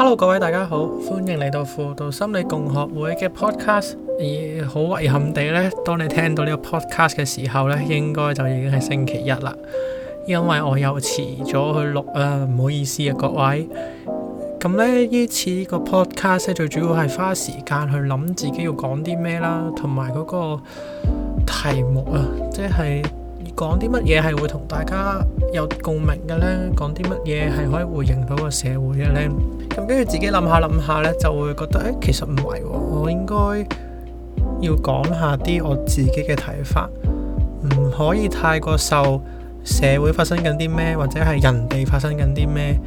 Hello，各位大家好，歡迎嚟到輔導心理共學會嘅 podcast。而好遺憾地呢，當你聽到呢個 podcast 嘅時候呢，應該就已經係星期一啦，因為我又遲咗去錄啊，唔好意思啊，各位。咁呢，呢次個 podcast 最主要係花時間去諗自己要講啲咩啦，同埋嗰個題目啊，即係。講啲乜嘢係會同大家有啲共鳴嘅呢？講啲乜嘢係可以回應到個社會嘅呢？咁跟住自己諗下諗下呢，就會覺得誒，其實唔係，我應該要講下啲我自己嘅睇法，唔可以太過受社會發生緊啲咩，或者係人哋發生緊啲咩，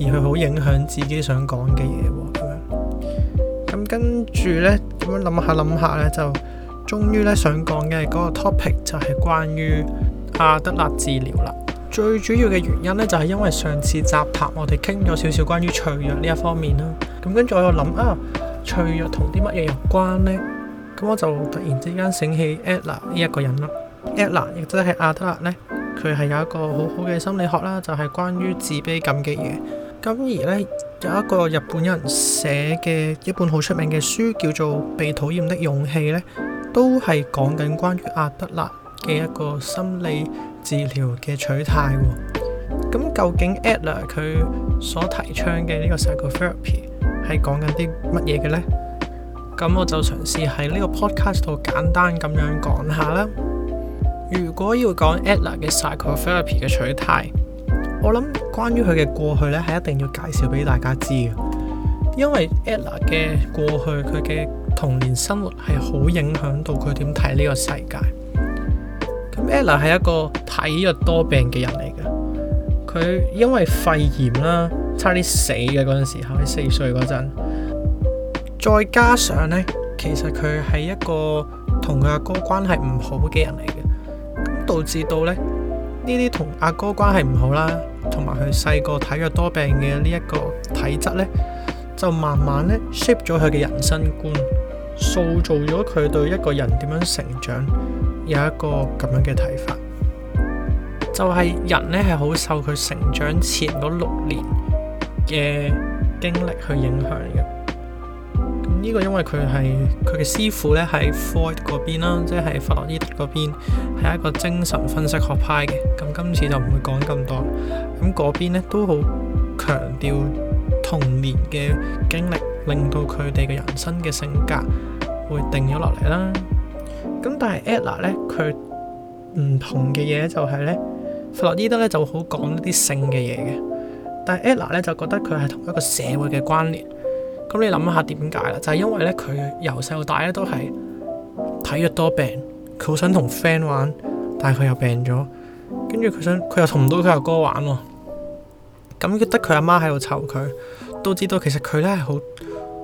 而去好影響自己想講嘅嘢咁樣。咁跟住呢，咁樣諗下諗下呢，就終於呢想講嘅嗰個 topic 就係關於。阿德勒治療啦，最主要嘅原因咧就係因為上次集拍我哋傾咗少少關於脆弱呢一方面啦，咁跟住我又諗啊，脆弱同啲乜嘢有關呢？咁我就突然之間醒起 Adler 呢一個人啦，Adler 亦即係阿德勒呢，佢係有一個好好嘅心理學啦，就係、是、關於自卑感嘅嘢。咁而呢，有一個日本人寫嘅一本好出名嘅書叫做《被討厭的勇氣》呢，都係講緊關於阿德勒。嘅一個心理治療嘅取態喎、哦，咁究竟 Adler 佢所提倡嘅呢個 psychotherapy 係講緊啲乜嘢嘅呢？咁我就嘗試喺呢個 podcast 度簡單咁樣講下啦。如果要講 Adler 嘅 psychotherapy 嘅取態，我諗關於佢嘅過去呢係一定要介紹俾大家知嘅，因為 Adler 嘅過去佢嘅童年生活係好影響到佢點睇呢個世界。Ella 係一個體弱多病嘅人嚟嘅，佢因為肺炎啦，差啲死嘅嗰陣時候，喺四歲嗰陣，再加上呢，其實佢係一個同佢阿哥關係唔好嘅人嚟嘅，咁導致到呢呢啲同阿哥關係唔好啦，同埋佢細個體弱多病嘅呢一個體質呢，就慢慢呢 shape 咗佢嘅人生觀，塑造咗佢對一個人點樣成長。有一個咁樣嘅睇法，就係、是、人咧係好受佢成長前嗰六年嘅經歷去影響嘅。咁呢個因為佢係佢嘅師傅咧喺 Freud 嗰邊啦，即係弗洛伊德嗰邊係一個精神分析學派嘅。咁今次就唔會講咁多。咁嗰邊咧都好強調童年嘅經歷，令到佢哋嘅人生嘅性格會定咗落嚟啦。咁但係 Adler 咧，佢唔同嘅嘢就係咧，弗洛伊德咧就好講一啲性嘅嘢嘅。但係 Adler 咧就覺得佢係同一個社會嘅關聯。咁、嗯、你諗下點解啦？就係、是、因為咧佢由細到大咧都係體弱多病，佢好想同 friend 玩，但係佢又病咗，跟住佢想佢又同唔到佢阿哥玩喎、哦。咁、嗯、得佢阿媽喺度湊佢，都知道其實佢咧係好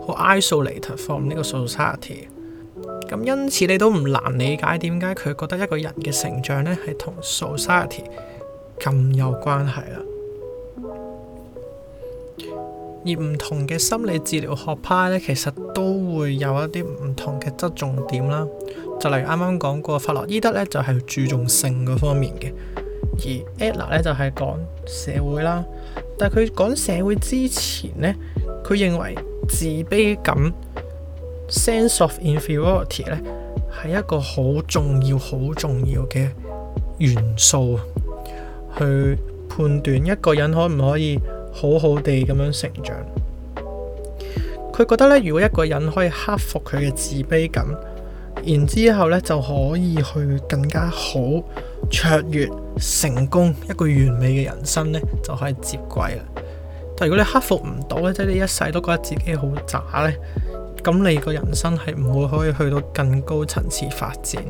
好 isolated from 呢個 society。咁因此你都唔難理解點解佢覺得一個人嘅成長咧係同 society 咁有關係啦。而唔同嘅心理治療學派咧，其實都會有一啲唔同嘅側重點啦。就例如啱啱講過，弗洛伊德咧就係注重性嗰方面嘅，而 Adler 咧就係講社會啦。但佢講社會之前呢，佢認為自卑感，sense of inferiority 咧，係一個好重要、好重要嘅元素，去判斷一個人可唔可以好好地咁樣成長。佢覺得咧，如果一個人可以克服佢嘅自卑感，然之後咧就可以去更加好卓越成功一個完美嘅人生咧，就可以接軌啦。但如果你克服唔到咧，即係你一世都覺得自己好渣咧。咁你個人生係唔會可以去到更高層次發展。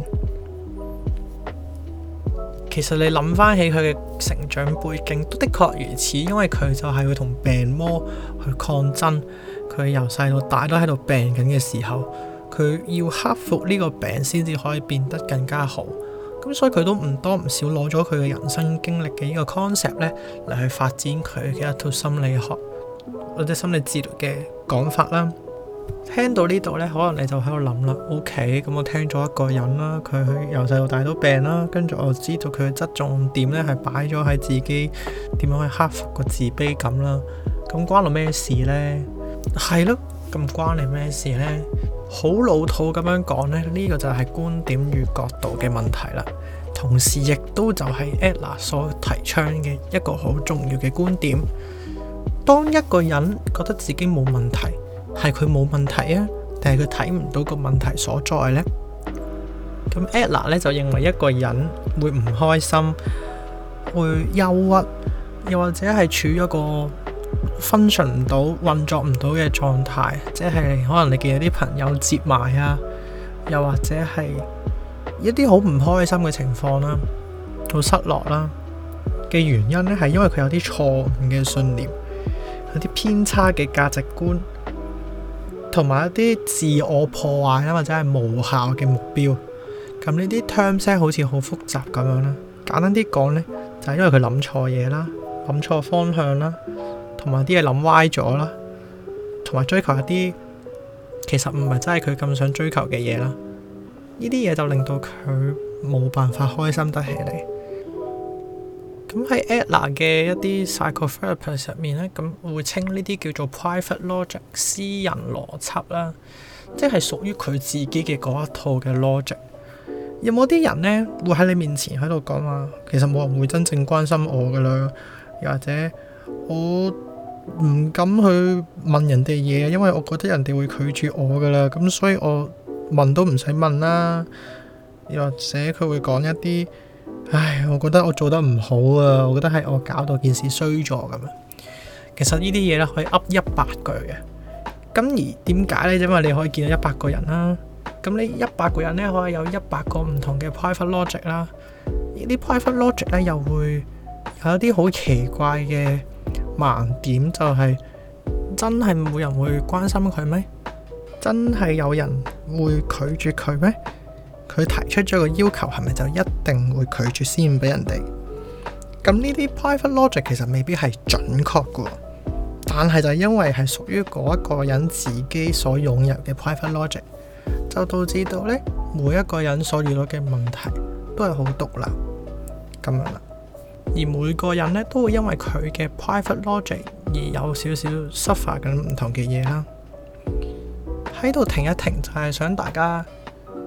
其實你諗翻起佢嘅成長背景，都的確如此，因為佢就係會同病魔去抗爭。佢由細到大都喺度病緊嘅時候，佢要克服呢個病先至可以變得更加好。咁所以佢都唔多唔少攞咗佢嘅人生經歷嘅呢個 concept 呢嚟去發展佢嘅一套心理學或者心理治療嘅講法啦。聽到呢度咧，可能你就喺度諗啦。OK，咁我聽咗一個人啦，佢由細到大都病啦，跟住我就知道佢嘅側重點咧係擺咗喺自己點樣去克服個自卑感啦。咁關我咩事呢？係咯，咁關你咩事呢？好老土咁樣講呢，呢、這個就係觀點與角度嘅問題啦。同時亦都就係 Adler 所提倡嘅一個好重要嘅觀點。當一個人覺得自己冇問題。係佢冇問題啊，定係佢睇唔到個問題所在呢？咁 Adler 咧就認為一個人會唔開心，會憂鬱，又或者係處於一個 function 唔到、運作唔到嘅狀態，即係可能你見有啲朋友接埋啊，又或者係一啲好唔開心嘅情況啦，好失落啦嘅原因呢係因為佢有啲錯誤嘅信念，有啲偏差嘅價值觀。同埋一啲自我破壞啊，或者係無效嘅目標，咁呢啲 term 咧好似好複雜咁樣啦。簡單啲講呢，就係因為佢諗錯嘢啦，諗錯方向啦，同埋啲嘢諗歪咗啦，同埋追求一啲其實唔係真係佢咁想追求嘅嘢啦。呢啲嘢就令到佢冇辦法開心得起嚟。咁喺 Adler 嘅一啲 psychopathology 上面咧，咁會稱呢啲叫做 private logic，私人邏輯啦，即係屬於佢自己嘅嗰一套嘅 logic。 有冇啲人呢會喺你面前喺度講話，其實冇人會真正關心我噶啦，又或者我唔敢去問人哋嘢，因為我覺得人哋會拒絕我噶啦，咁所以我問都唔使問啦。又或者佢會講一啲。唉，我覺得我做得唔好啊，我覺得係我搞到件事衰咗咁樣。其實呢啲嘢咧可以噏一百句嘅，咁而點解呢？因為，你可以見到一百個人啦，咁你一百個人咧可以有一百個唔同嘅 private logic 啦，呢啲 private logic 咧又會有一啲好奇怪嘅盲點，就係、是、真係冇人會關心佢咩？真係有人會拒絕佢咩？佢提出咗個要求，係咪就一定會拒絕先俾人哋？咁呢啲 private logic 其實未必係準確嘅，但係就因為係屬於嗰一個人自己所擁有嘅 private logic，就導致到呢，每一個人所遇到嘅問題都係好獨立咁樣啦。而每個人呢，都會因為佢嘅 private logic 而有少少 suffer 緊唔同嘅嘢啦。喺度停一停，就係、是、想大家。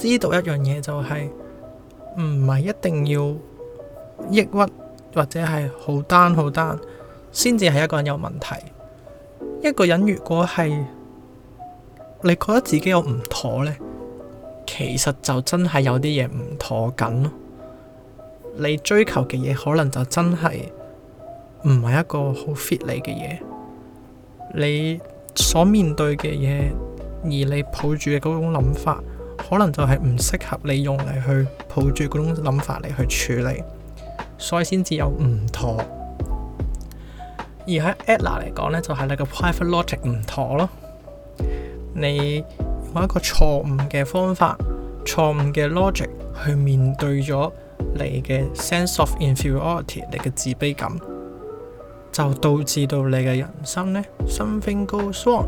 知道一樣嘢就係唔係一定要抑鬱或者係好 down 好 down 先至係一個人有問題。一個人如果係你覺得自己有唔妥呢，其實就真係有啲嘢唔妥緊咯。你追求嘅嘢可能就真係唔係一個好 fit 你嘅嘢，你所面對嘅嘢而你抱住嘅嗰種諗法，可能就係唔適合你用嚟去抱住嗰種諗法嚟去處理，所以先至有唔妥。而喺 Adler 嚟講呢就係、是、你個 private logic 唔妥咯。你用一個錯誤嘅方法、錯誤嘅 logic 去面對咗你嘅 sense of inferiority，你嘅自卑感，就導致到你嘅人生呢 something goes wrong。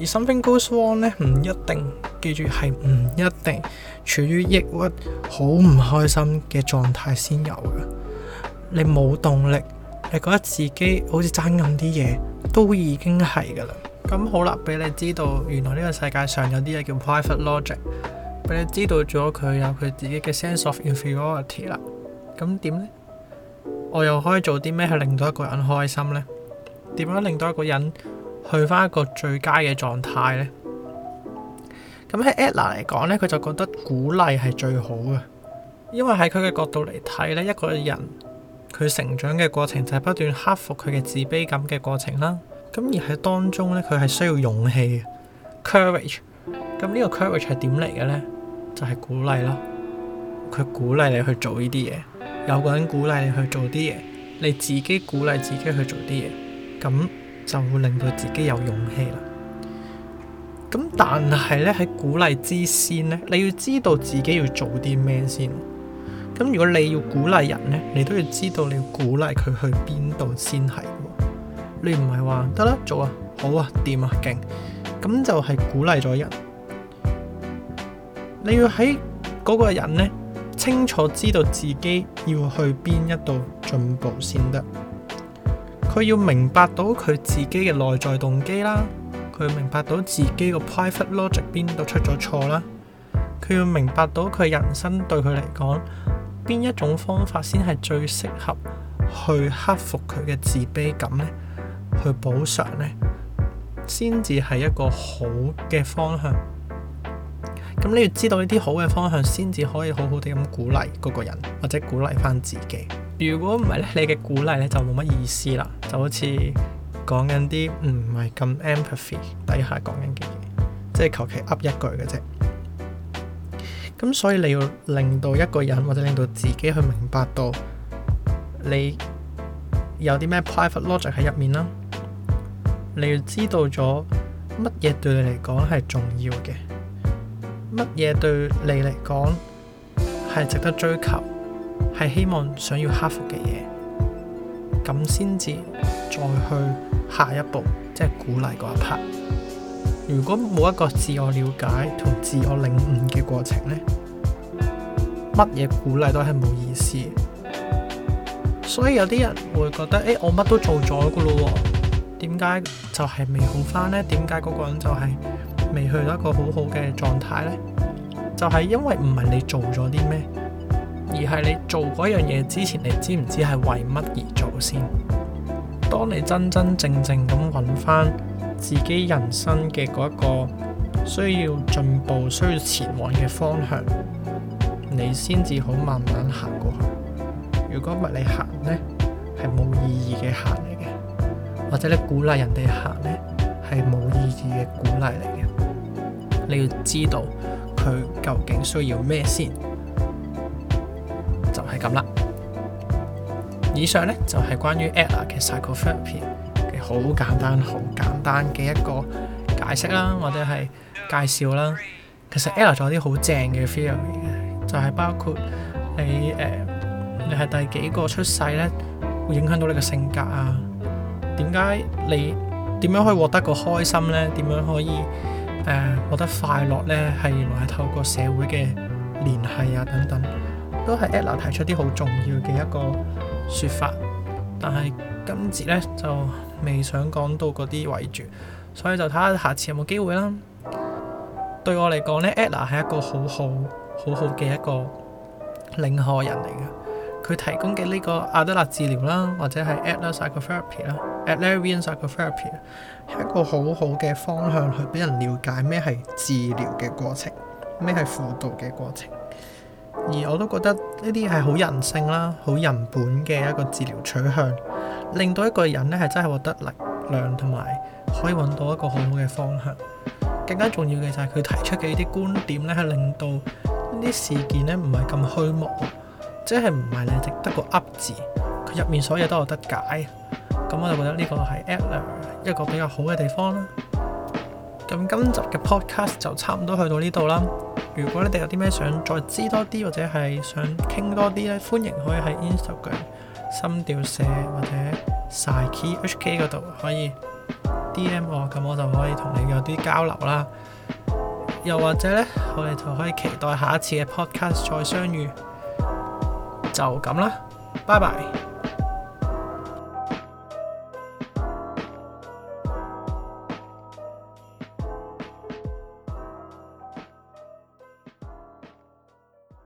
而 something goes wrong 咧，唔一定，記住係唔一定處於抑鬱、好唔開心嘅狀態先有嘅。你冇動力，你覺得自己好似爭咁啲嘢，都已經係噶啦。咁、嗯、好啦，俾你知道，原來呢個世界上有啲嘢叫 private logic。俾你知道咗佢有佢自己嘅 sense of inferiority 啦。咁點呢？我又可以做啲咩去令到一個人開心呢？點樣令到一個人？去翻一個最佳嘅狀態咧，咁喺 Adler 嚟講咧，佢就覺得鼓勵係最好嘅，因為喺佢嘅角度嚟睇咧，一個人佢成長嘅過程就係不斷克服佢嘅自卑感嘅過程啦。咁而喺當中咧，佢係需要勇氣嘅，courage。咁呢個 courage 係點嚟嘅咧？就係鼓勵咯。佢鼓勵你去做呢啲嘢，有個人鼓勵你去做啲嘢，你自己鼓勵自己去做啲嘢，咁。就會令到自己有勇氣啦。咁但係咧，喺鼓勵之先咧，你要知道自己要做啲咩先。咁如果你要鼓勵人咧，你都要知道你要鼓勵佢去邊度先係。你唔係話得啦、做啊、好啊、掂啊、勁，咁就係鼓勵咗人。你要喺嗰個人咧，清楚知道自己要去邊一度進步先得。佢要明白到佢自己嘅內在動機啦，佢要明白到自己個 private logic 邊度出咗錯啦，佢要明白到佢人生對佢嚟講邊一種方法先係最適合去克服佢嘅自卑感呢？去補償呢？先至係一個好嘅方向。咁你要知道呢啲好嘅方向，先至可以好好地咁鼓勵嗰個人，或者鼓勵翻自己。如果唔係咧，你嘅鼓勵咧就冇乜意思啦，就好似講緊啲唔係咁 empathy 底下講緊嘅嘢，即係求其噏一句嘅啫。咁所以你要令到一個人或者令到自己去明白到你有啲咩 private logic 喺入面啦。你要知道咗乜嘢對你嚟講係重要嘅，乜嘢對你嚟講係值得追求。係希望想要克服嘅嘢，咁先至再去下一步，即係鼓勵嗰一 part。如果冇一個自我了解同自我領悟嘅過程呢，乜嘢鼓勵都係冇意思。所以有啲人會覺得，誒、欸，我乜都做咗噶啦，點解就係未好返呢？點解嗰個人就係未去到一個好好嘅狀態呢？就係、是、因為唔係你做咗啲咩。而係你做嗰樣嘢之前，你知唔知係為乜而做先？當你真真正正咁搵翻自己人生嘅嗰一個需要進步、需要前往嘅方向，你先至好慢慢行過去。如果唔係你行呢係冇意義嘅行嚟嘅；或者你鼓勵人哋行呢係冇意義嘅鼓勵嚟嘅。你要知道佢究竟需要咩先。咁啦，以上咧就係、是、關於 Adler 嘅 psychotherapy 嘅好簡單、好簡單嘅一個解釋啦，或者係介紹啦。其實 Adler 仲有啲好正嘅 theory 嘅，就係、是、包括你誒、呃，你係第幾個出世咧，會影響到你嘅性格啊。點解你點樣可以獲得個開心咧？點樣可以誒獲、呃、得快樂咧？係原來係透過社會嘅聯繫啊，等等。.都係 Adler 提出啲好重要嘅一個説法，但係今節咧就未想講到嗰啲位住，所以就睇下下次有冇機會啦。對我嚟講咧，Adler 係一個好，好好好好嘅一個領航人嚟嘅。佢提供嘅呢個阿德勒治療啦，或者係 Adler Psychotherapy 啦、Adlerian Psychotherapy，係一個好好嘅方向去俾人了解咩係治療嘅過程，咩係輔導嘅過程。而我都覺得呢啲係好人性啦、好人本嘅一個治療取向，令到一個人呢係真係獲得力量，同埋可以揾到一個好嘅方向。更加重要嘅就係佢提出嘅呢啲觀點呢，係令到呢啲事件呢唔係咁虛無，即係唔係淨得個噏字，佢入面所有都有得解。咁我就覺得呢個係 Adler 一個比較好嘅地方啦。咁今集嘅 Podcast 就差唔多去到呢度啦。如果你哋有啲咩想再知多啲，或者係想傾多啲咧，歡迎可以喺 Instagram 心跳社或者 Psyche HK 嗰度可以 DM 我，咁我就可以同你有啲交流啦。又或者咧，我哋就可以期待下一次嘅 Podcast 再相遇。就咁啦，拜拜。